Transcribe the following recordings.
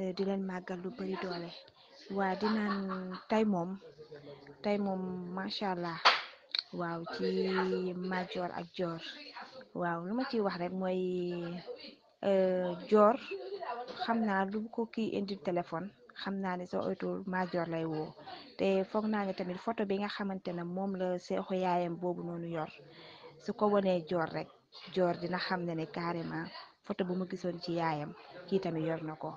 Eh, di leen màggal lu bëri doole waaw di naan moom tey moom macha allah waaw ci Madior ak joor waaw lu ma ciy wax rek mooy eh, joor xam naa lu ko kii indi téléphone xam naa ne soo oytuwul Madior lay wo te foog naa ne tamit photo bi nga xamante ne moom la seexu yaayam boobu noonu yor su ko wanee Dior rek Dior dina xam ne ne carrément photo bu mu gisoon ci yaayam kii tamit yor na ko.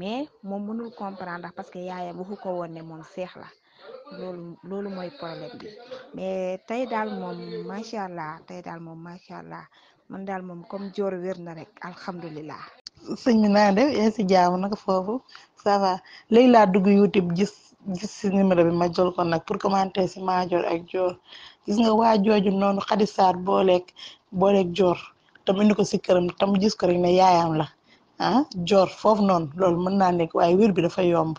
mais moom mënul comprendre ndax parce que yaayam waxu ko woon ne moom seex la loolu mooy problème bi mais tey daal moom macha allah tey daal moom macha allah man daal moom comme joor wér na rek alhamdulilah. sëñ bi naa def si jaamu nag foofu ça va léegi laa dugg youtube gis gis si bi ma jël ko nag pour commenter si maajoor a joor gis nga waa jooju noonu xadi saar booleeg booleeg joor tam indi ko si këram tam jis ko rek ne yaayam la. ah joor foofu noon lool mën naa nekk waaye wér bi dafa yomb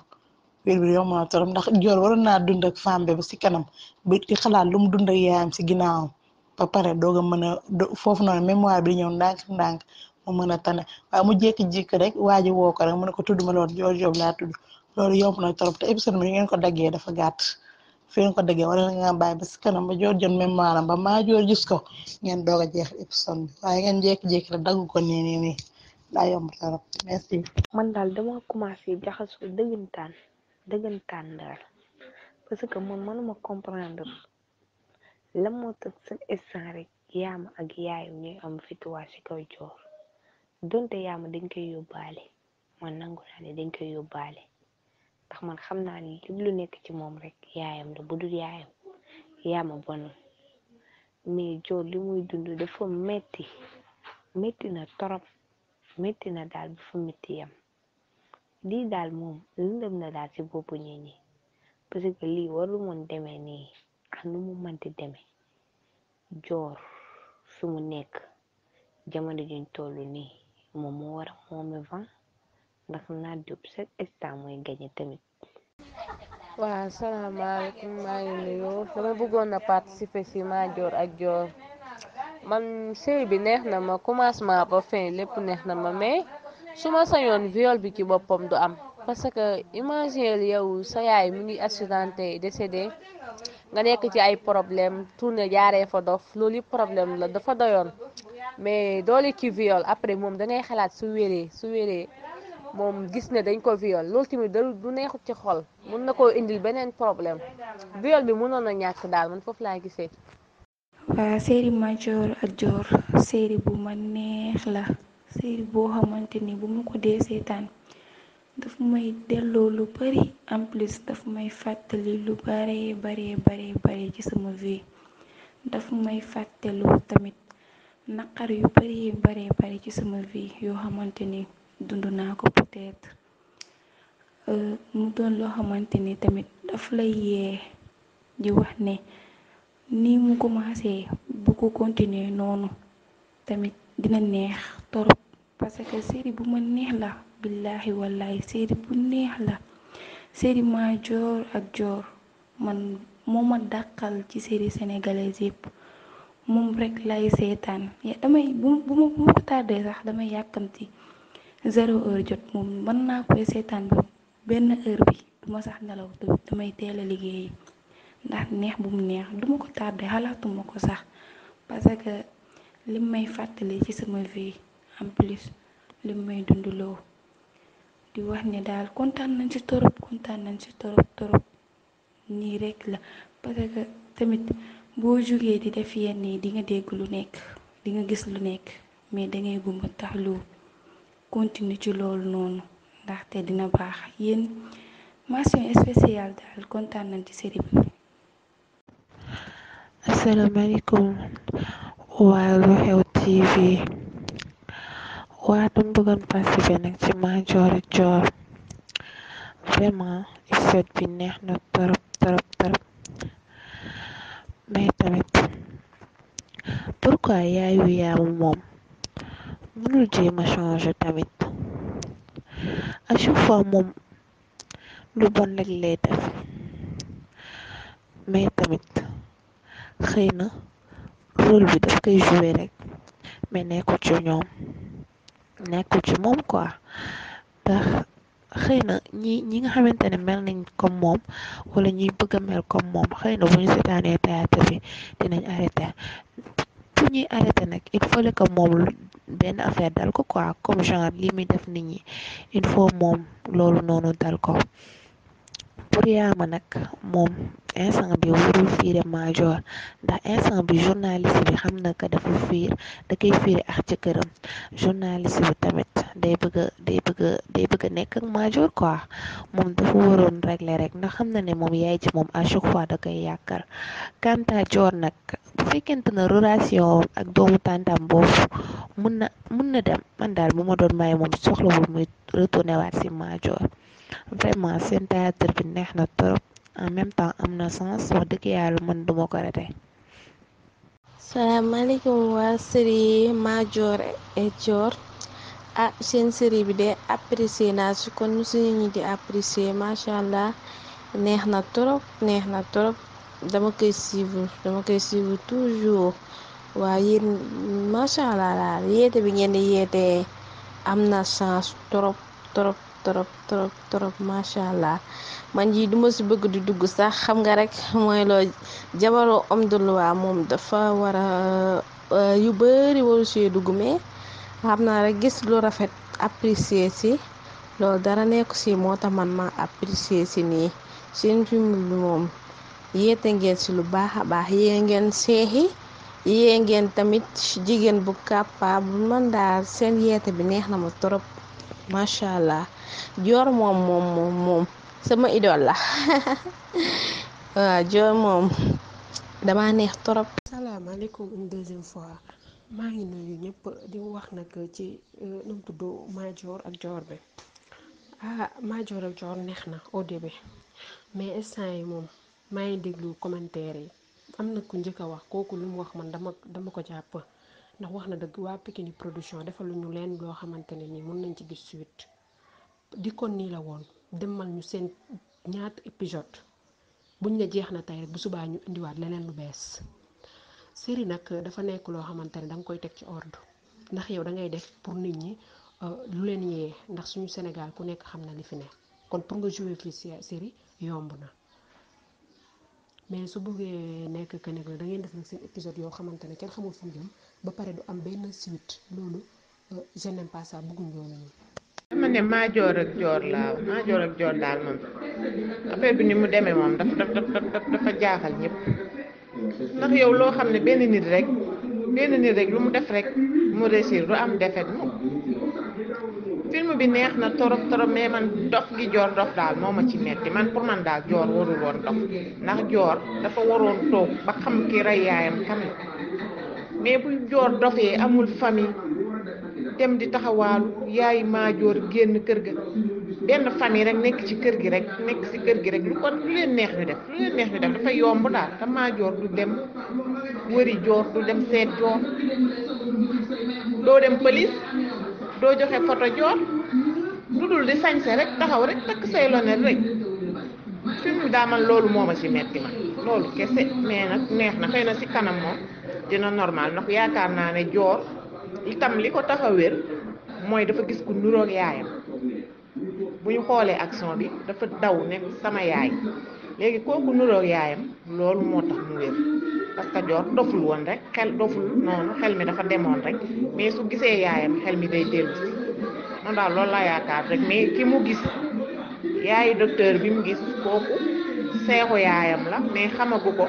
wér bi yomb na torop ndax joor waroon naa dund ak femme bi ba si kanam ba di xalaat lu mu dund ak yaayam si ginnaawam ba pare doog a mën a foofu noonu mémoire bi ñëw ndànk ndànk mu mën a tane waaye mu jékki-jékki rek waaji woo ko rek mu ne ko tudd ma loolu joor joob laa tudd loolu yomb na torop te épisode bi ngeen ko daggee dafa gàtt fi ko daggee wala nga bàyyi ba si kanam ba joor jot mémoire am ba maa gis ko ngeen doog a jeex épisode bi waaye ngeen jékki-jékki rek daggu ko nii nii daa merci. man daal dama commencé jaxasoo dëggantaan dëggantaan daal parce que man mënuma comprendre la moo tax seen instant rek yaama ak yaayam ñuy am fituwaa si kaw joor donte yaama dañ koy yóbbaale man nangu naa dañ koy yóbbaale ndax man xam naa ne lépp lu nekk ci moom rek yaayam la bu dul yaayam yaama bonul mais joor li muy dund dafa metti metti na torop metti na daal bu fa metti yam lii daal moom lëndëm na daal ci boppu ñi ñi parce que lii waru moon nii ak nu mu mënti demee joor fi mu nekk jamono juñ toll nii moom moo war a moome van ndax naat jub chaque instant mooy gañe tamit waaw salaamaaleykum maa ngi nuyu dama bëggoon a participer ci Madior ak Dior man sëy bi neex na ma commencement ba fin lépp neex na ma mais su ma sañoon viole bi ci boppam du am parce que imaginer yow sa yaay mu ngi accidenté décédé nga nekk ci ay problème tourne jaaree fa dof loolu yëpp problème la dafa doyoon mais doole ci viol après moom da ngay xalaat su wéree su wéree moom gis ne dañ ko viol loolu tamit da du neexut ci xol mun na koo indil beneen problème viole bi mënoon a ñàkk daal man foofu laa gisee waaw série Madior ak Dior bu ma neex la série boo xamante ni bu ma ko dee seetaan daf may delloo lu bari en plus daf may fàttali lu bare bare bare ci sama vie daf may fàttaloo tamit naqar yu bari bare bare ci sama vie yoo xamante ni dund naa ko peut euh, mu doon loo xamante ni tamit daf lay yee di wax ne nii mu commencé bu ko continuer noonu tamit dina neex torop parce que série bu ma neex la billaahi wallaahi série bu neex la série Madior ak joor man moo ma dàqal ci série sénégalaise yëpp moom rek lay seetaan damay bu ma bu ma ko tardee sax damay yàkkamti zéro heure jot moom mën naa koy seetaan ba benn heure bi duma sax nelaw damay teel a liggéeyi ndax neex bu mu neex duma ko tardé xalaatuma ko sax parce que lim may fàttali ci sama vie en plus lim may loo di wax ni daal kontaan nañ ci torop kontaan nañ ci torop torop nii rekk la parce que tamit boo jógee di def yenn yi di nga dégg lu nekk di nga gis lu nekk mais dangay gumba tax lu continue ci loolu noonu ndaxte dina baax yéen mention spéciale daal kontaan nañ ci série bi asalaamaaleykum waa lu xew tv waa dama bëggoon participer bi nag ci Madiori Dior vraiment fête bi neex na torop torop torop mais tamit pourquoi yaayu yaamu moom mënul jéem a tamit à chaque fois moom lu bon rek lay def mais tamit xëy na rôle bi daf koy jouer rek mais nekkul ci ñoom nekkul ci moom quoi ndax xëy na ñi ñi nga xamante ne mel nañ comme moom wala ñuy bëgg mel comme moom xëy na bu ñu seetaanee théâtre bi dinañ arrêté pour ñuy arrêté nag il fallait moom benn affaire dal ko quoi comme genre lii muy def nit ñi il faut moom loolu noonu dal ko Bourama nag moom instant bi warul fiire Madior ndax instant bi journaliste bi xam na ko dafa fiir da koy fiire ak ci këram journaliste bi tamit day bëgg a day bëgg a day bëgg a nekk moom dafa waroon régle rek ndax xam na ne moom yaay ji moom à chaque fois da koy yàkkar kanta Dior nag bu fekkent na relation ak doomu tàntam boobu mun na mun na dem man daal bu ma doon may moom soxlawul muy retourné waat si Madior vraiment seen théâtre bi neex na trop en même temps am na sens wax dëgg yàlla man duma ko rete salaamaaleykum waa série Madior et Dior ah seen série bi de apprécier naa si kon ñu si ñi apprécier macha allah neex na trop neex na trop dama koy suivre dama koy suivre toujours waa yéen macha allah daal yeete bi ngeen di yeete am na chance trop trop trop trop trop macha allah man ji duma ci bëgg di dugg sax xam nga rek mooy loo jabaroo homme de moom dafa war a euh, yu bëri waru si dugg mais xam naa rek gis lu rafet apprécier si loolu dara nekku si moo tax man ma apprécier si nii seen film bi moom yéete ngeen si lu baax a baax yée ngeen seexi yée ngeen tamit jigéen bu capable man daal seen yeete bi neex na ma trop macha allah joor moom moom moom moom sama idole la waaw joor moom dama neex torop salaamaaleykum une deuxième fois maa ngi nuyu ñëpp di wax nag ci euh, nu mu tudd Madior ak Dior bi ah Madior ak neex na au début mais instant yi moom maa ngi déglu commentaire yi am na ku njëkk a wax kooku lu mu wax man dama dama ko jàpp ndax wax na dëgg waa Pikini production defal lu ñu leen loo xamante ne nii mun nañ ci gis suite dikkoon nii la woon demal ñu seen ñaata épisode buñ ne jeex na tey rek bu subaa ñu indiwaat leneen lu bees série nag dafa nekk loo xamante ne da koy teg ci ordre ndax yow da ngay def pour nit ñi euh, lu leen yee ndax suñu Sénégal ku nekk xam na li fi ne kon pour nga jouer fii série yomb na mais su bëggee nekk que ne da ngeen def nag seen épisode yoo xamante ne kenn xamul fu mu jëm ba pare du am benn suite loolu euh, je n'aime pas ça bëgguñ loolu ñu dama ne maa joor ak joor laaw maa joor ak joor daal moom affaire bi ni mu demee moom dafa dafa dafa dafa jaaxal ñépp ndax yow loo xam ne benn nit rek benn nit rek lu mu def rek mu réussir du am defet mu film bi neex na torop torop mais man dof gi joor dof daal moom ma ci metti man pour man daal joor warul woon dof ndax joor dafa waroon toog ba xam ki rey yaayam kan mais bu joor dofee amul famille dem di taxawaalu yaay maajoor génn kër ga benn famille rek nekk ci kër gi rek nekk ci kër gi rek lu kon lu leen neex ñu def lu leen neex ñu def dafa yomb daal te maajoor du dem wëri joor du dem seet joor doo dem police doo joxe photo joor lu dul di sañse rek taxaw rek takk say lonet rek fi mu daa man loolu moo ma ci metti ma loolu kese mais nag neex na xëy na ci kanam moom dina normal ndax yaakaar naa ne joor itam li ko tax a wér mooy dafa gis ku nuroog yaayam bu ñu xoolee action bi dafa daw nekk sama yaay léegi kooku nuroog yaayam loolu moo tax mu wér parce que doful woon rek xel doful noonu xel mi dafa demoon rek mais su gisee yaayam xel mi day dellu si man daal loolu laa yaakaar rek mais ki mu gis yaayu docteur bi mu gis kooku seexu yaayam la mais xamagu ko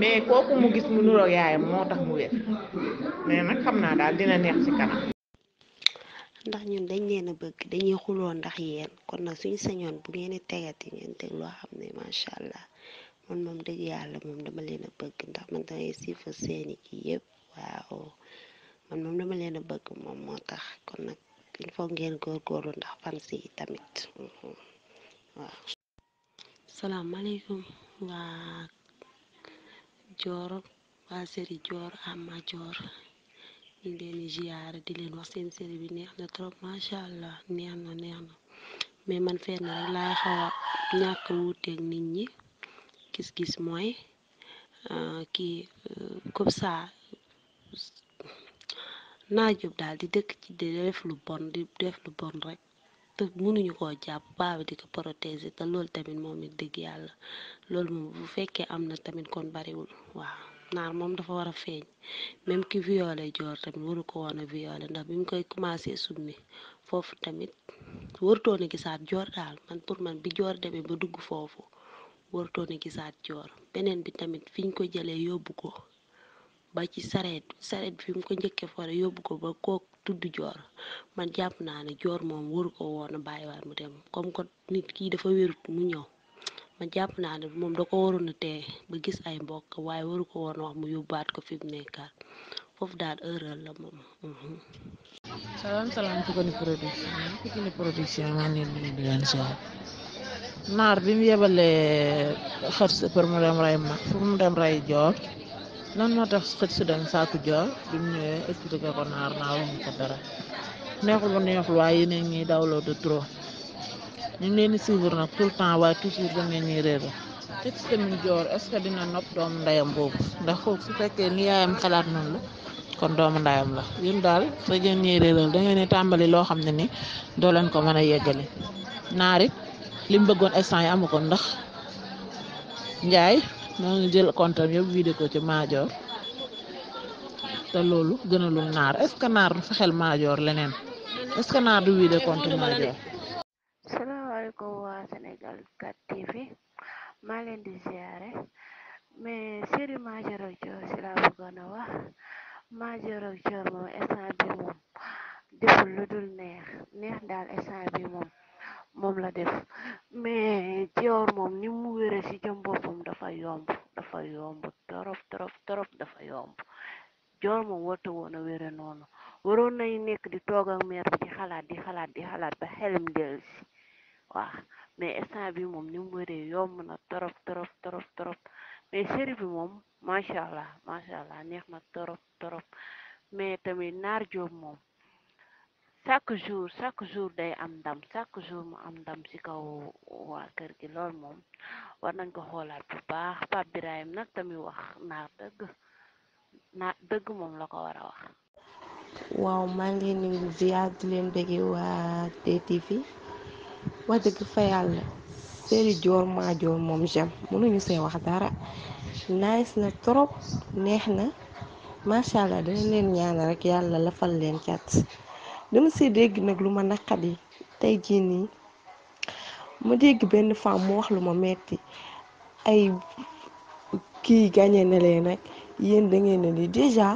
mais kooku mu gis mu nuroog yaayam moo tax mu wér mais nag xam naa daal dina neex ci kanam. ndax ñun dañ leen a bëgg dañuy xuloo ndax yéen kon nag suñu sañoon bu ngeen di tegati ngeen teg loo xam ne macha allah man moom dëgg yàlla moom dama leen a bëgg ndax man dangay moo tax kon nag il faut ngeen góorgóorlu ndax fans yi tamit mm-hmm. waaw. salaamaaleykum waa Dior waa Série Dior Ama Dior. ñu ngi di leen wax seen séri bi neex na trop macha allah neex na neex na mais man fenn rek laay xaw a ñàkk wuuteeg nit ñi gis-gis mooy euh, kii euh, comme ça naajub daal di dëkk ci di def lu bon di def lu bon rek te mënuñu koo jàpp baa di ko protéger te lool tamit moom it dëgg yàlla loolu moom bu fekkee am na tamit kon bariwul waaw. naar moom dafa war a feeñ même ki violé joor tamit waru ko woon a ndax bi mu koy commencé summi foofu tamit warutoon a gisaat joor daal man pour man bi joor demee ba dugg foofu warutoon a gisaat joor beneen bi tamit fi ñu ko jëlee yóbbu ko ba ci sareet sareet bi mu ko njëkkee fore yóbbu ko ba kook tudd joor man jàpp naa ne joor moom waru ko woon a bàyyiwaat mu dem comme que nit kii dafa wérut mu ñëw ma jàpp naa ne moom da ko waroon a tee ba gis ay mbokk waaye waru ko woon wax mu yóbbaat ko fi mu nekkaat foofu daal erreur la moom. salaam salaam Pikini production production maa ngi di leen soxla naar bi mu yebalee xët si mu dem rey joor lan moo tax xët dem sàkku joor bi mu ñëwee ko naar naa waxuñu ko dara neexul ba neexul waaye yeneen ñi dawloo de trop. ñu ngi leen na suivre nag tout le temps waaye toujours da ngeen ñuy réer te ci joor est-ce que dina nopp doomu ndeyam boobu ndax kooku su fekkee ni yaayam xalaat noonu la kon doomu ndayam la yéen daal da ngeen da ngeen di tàmbali loo xam ne ni doo leen ko mën a yeggali naarit li mu bëggoon instant yi amu ndax njaay moo ngi jël compte am yëpp ko ci maajoor te loolu gënalul naar est que naar du fexeel maajoor leneen est que naar du vidé compte maajoor Sénégal 4TV maa leen di ziare mais série Madior ak Dior ci laa bëggoon a wax Madior ak moom instant moom deful lu dul neex neex daal instant bi moom moom la def mais Dior moom ni mu wére ci jëm boppam dafa yomb dafa yomb torop torop torop dafa yomb Dior moom warta woon a wére noonu waroon nañu nekk di toog ak meer bi di xalaat di xalaat di xalaat ba xelam dellu si mais instant bi moom ni mu wëree yomb na trop trop torop mais série moom macha allah macha allah neex na torop torop mais tamit naar joob moom chaque jour jour day am ndam chaque jour mu am ndam ci kaw waa kër gi lool moom war nañ ko xoolaat bu baax Pape Birahim nag tamit wax naar dëgg naar dëgg moom la ko war a wax waaw maa ngi leen di ziar di wax dëgg fa yàlla série Dior Madior moom jam mënuñu see wax dara nice na trop neex na macha allah dina leen ñaan rek yàlla lafal leen cat dama see dégg nag lu ma naqadi tey jii nii ma dégg benn femme mu wax lu ma metti ay kii gagné na leen nag yéen da ngeen déjà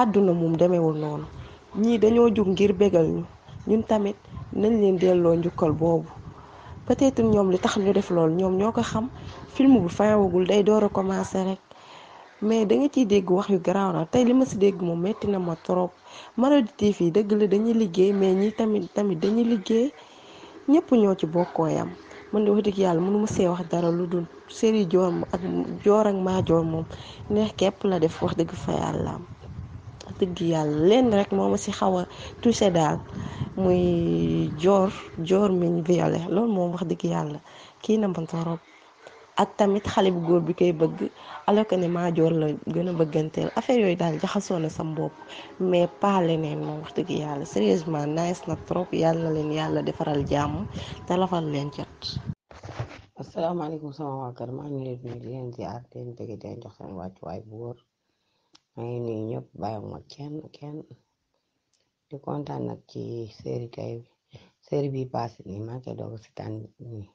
àdduna moom demewul noonu ñii dañoo jóg ngir bégal ñu ñun tamit nañ leen delloo njukkal boobu peut-être ñoom li tax ñu def loolu ñoom ñoo ko xam film bu fayawagul day door a commencé rek mais da nga ciy dégg wax yu garaaw na tey li ma si dégg moom metti na ma trop Marodi TV yi dëgg la dañuy liggéey mais ñi tamit tamit dañuy liggéey ñëpp ñoo ci bokkoo yam man de wax dëgg yàlla mënu ma see wax dara lu dul série joor ak joor ak maa joor moom neex képp la def wax dëgg fa yàlla am wax dëgg yàlla lenn rek moo ma si xaw a touché daal muy joor joor miñ violé loolu moom wax dëgg yàlla kii na ma torop ak tamit xale bu góor bi koy bëgg alors ne maa joor la gën a bëgganteel affaire yooyu daal jaxasoo na sam bopp mais pas leneen moom wax dëgg yàlla sérieusement nice na trop yàlla na leen yàlla defaral jàmm te lafal leen jot. asalaamaaleykum sama waa kër maa ngi nuyu ñëpp bàyyiwuma kenn kenn di kontaan nag ci série kay série bi passé nii maa ngi koy doog seetaan nii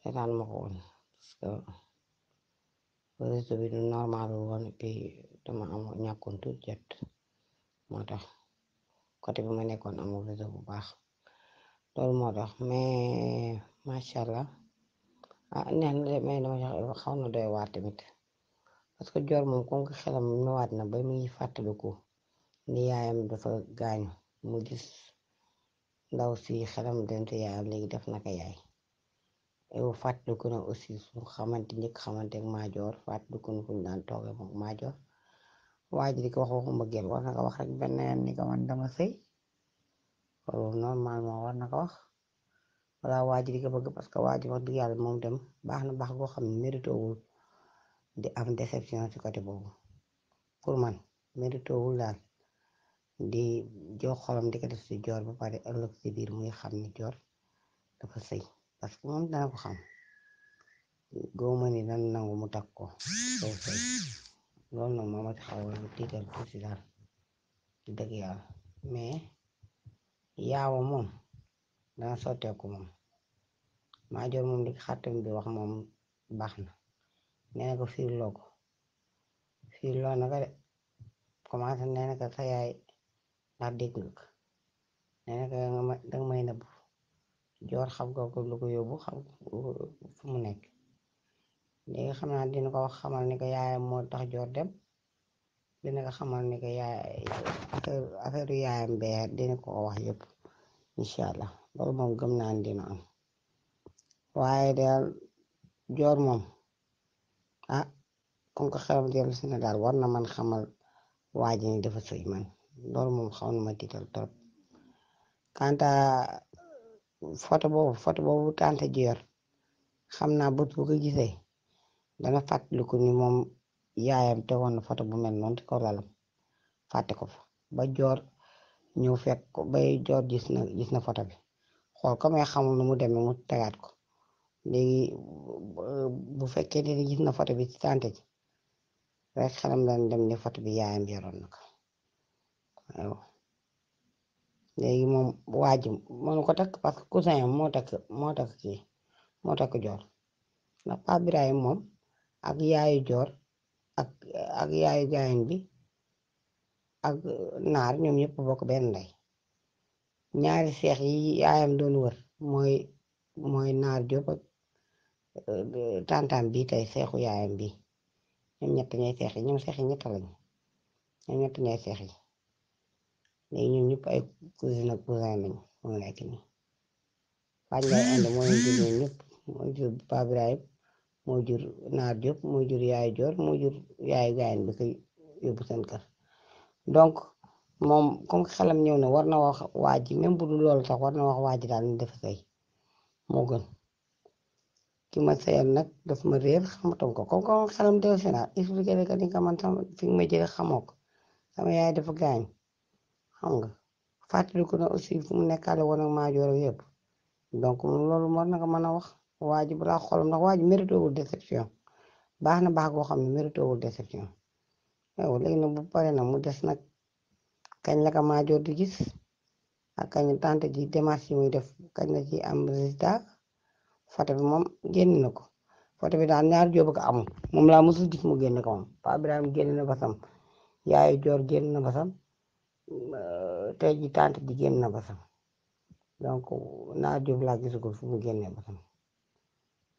seetaan ma ko parce que réseau bi du woon puis dama am ñàkkoon tuuti jot moo tax côté bi ma nekkoon amul réseau bu baax loolu moo tax mais macha allah ah neex na de mais dama xaw na doy waar tamit. parce que joor moom comme que xelam ñëwaat na ba lu fàttaliku ni yaayam dafa gaañu mu gis ndaw si xelam dente yaayam léegi def naka yaay yow fàttaliku na aussi su xamante njëkk xamante ak maajoor fàttaliku na fu ñu daan toogee moom maajoor waa ji di ko wax waxu mbëggeel war na wax rek benn yoon ni ko man dama sëy normalement war na wax wala waa ji di ko parce que waa ji wax dëgg moom dem baax na baax goo xam ne wul di am déception ci côté boobu pour man méritowul daal di jox xolam di ko si joor ba pare ëllëg si muy xam ni joor dafa sëy parce que moom dana ko xam góoma ni dan nangu mu takk ko sëy sëy loolu nag xaw dëgg yàlla mais yaawa moom dana sotteeku moom maa joor moom li xàttam bi wax moom baax na nee na ko fiirloo ko fiirloo na de commencé nee na ko yaay ndax déggul ko nee danga may nëbb joor xam nga ko lu ko yóbbu xam fu mu nekk léegi xam naa dina ko wax xamal ni ko yaayam moo tax joor dem dina ko xamal ni ko yaay affaire yaayam bee dina ko wax yëpp incha allah loolu moom gëm naa dina am waaye daal joor moom ah comme que xelam dem si ne daal war na man xamal waa ji ni dafa sëy man loolu moom xaw na ma tiital trop quant à photo boobu photo boobu tante ji xam naa bët bu ko gisee dana fàttaliku ni moom yaayam tegoon na photo bu mel noonu ci lalam fàtte ko fa ba joor ñëw fekk ko joor gis na foto na bi xool ko may xamul nu mu demee mu tegaat ko léegi bu fekkee ne gis na photo bi ci tante ji rek xelam daan dem bi yaayam yoroon na ko waaw moom waa ji mënu ko parce que cousin am moo takk moo takk joor ndax Pape moom ak yaayu joor ak ak yaayu gaayen bi ak naar ñoom ñëpp bokk benn ndey ñaari seex yi yaayam doon wër mooy naar Diop tantam bi tay seexu yaayam bi ñoom ñett ñooy seex yi ñoom seex yi ñett lañu ñoom ñett ñooy seex yi léegi ñoom ñëpp ay cousin ak cousin lañu moom nekk nii moo leen jur ñoom ñëpp moo jur Pape jur moo jur Yaay Joor moo jur Yaay Gaayen bi koy yóbbu seen kër donc moom comme xelam ñëw na war na wax waa ji même bu dul lool sax war na wax waa ji daal ñu def sëy moo gën. ki ma sayal nag daf ma réer xamatoon ko comme comme xelam dellu si expliqué la que ni nga man fi nga ma jëlee xamoo ko sama yaay dafa gaañ xam nga fàttaliku na aussi fu mu nekkaale woon ak maajoor yëpp donc loolu moo naka mën a wax waa ji balaa xolam ndax waa ji mérité wul déception baax na baax goo xam ne mérité wul déception waaw léegi nag bu pare na mu des nag kañ la ka maajoor di gis ak kañ tante ji démarche yi muy def kañ na ci am résultat. photo bi moom génn na ko photo bi daal ñaar jóob ko amul moom laa mosul gis mu génn ko moom Paa Ibrahima génn na basam yaayu joor génn na basam euh, te ji tante ji génn na basam donc ñaar jóob laa gisagul fu mu génnee basam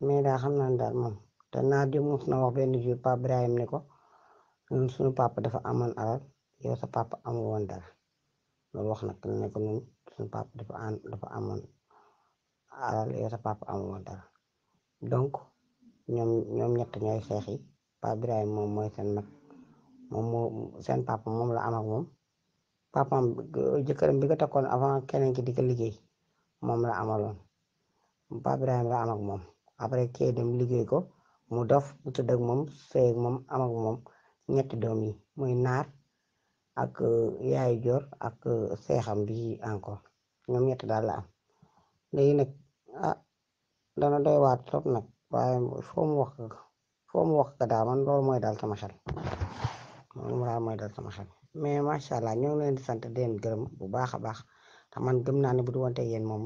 mais daa xam naa daal moom te ñaar jóob mos na wax benn jour Paa Ibrahima ne ko suñu papa dafa amoon alal yow papa amul woon dara loolu wax na ko ne ko ñun suñu papa dafa dafa amoon alal yow sa papa amu woon dara donc ñoom ñoom ñett ñooy seex yi Pape moom mooy seen mag moom seen papa moom la am ak moom papaam jëkkëram bi ko takkoon avant keneen ki di ko liggéey moom la amaloon Pape Birahim la am moom après kee dem liggéey ko mu dof mu tudd ak moom sëy moom am ak moom ñetti doom yi muy naar ak yaayu joor ak seexam bi encore ñoom ñett daal la am léegi ah dana doy waar trop nag waaye mu wax foo wax ko daa man loolu mooy daal sama xel loolu mooy daal sama xel mais macha allah ñoo ngi leen di sant di gërëm bu baax a baax te man gëm naa ne bu du wante yéen moom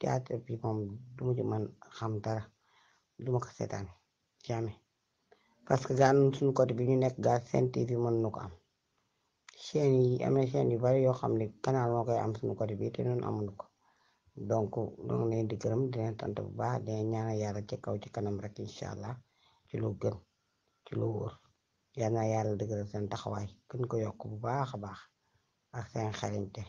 théâtre bi moom du ma ci mën xam dara du ma ko seetaan jamais parce que gaan suñu côté bi ñu nekk gaa seen bi mën nu ko am chaîne yi amee chaîne yu bari yoo xam ne canal moo koy am suñu côté bi te noonu amuñu ko donc ñoo ngi leen di gërëm di bu baax di leen ñaanal yàlla ci kaw ci kanam rek incha allah ci lu gën ci lu wóor yal na yàlla dëgëral seen taxawaay gën ko yokk bu baax a baax ak seen xarañte.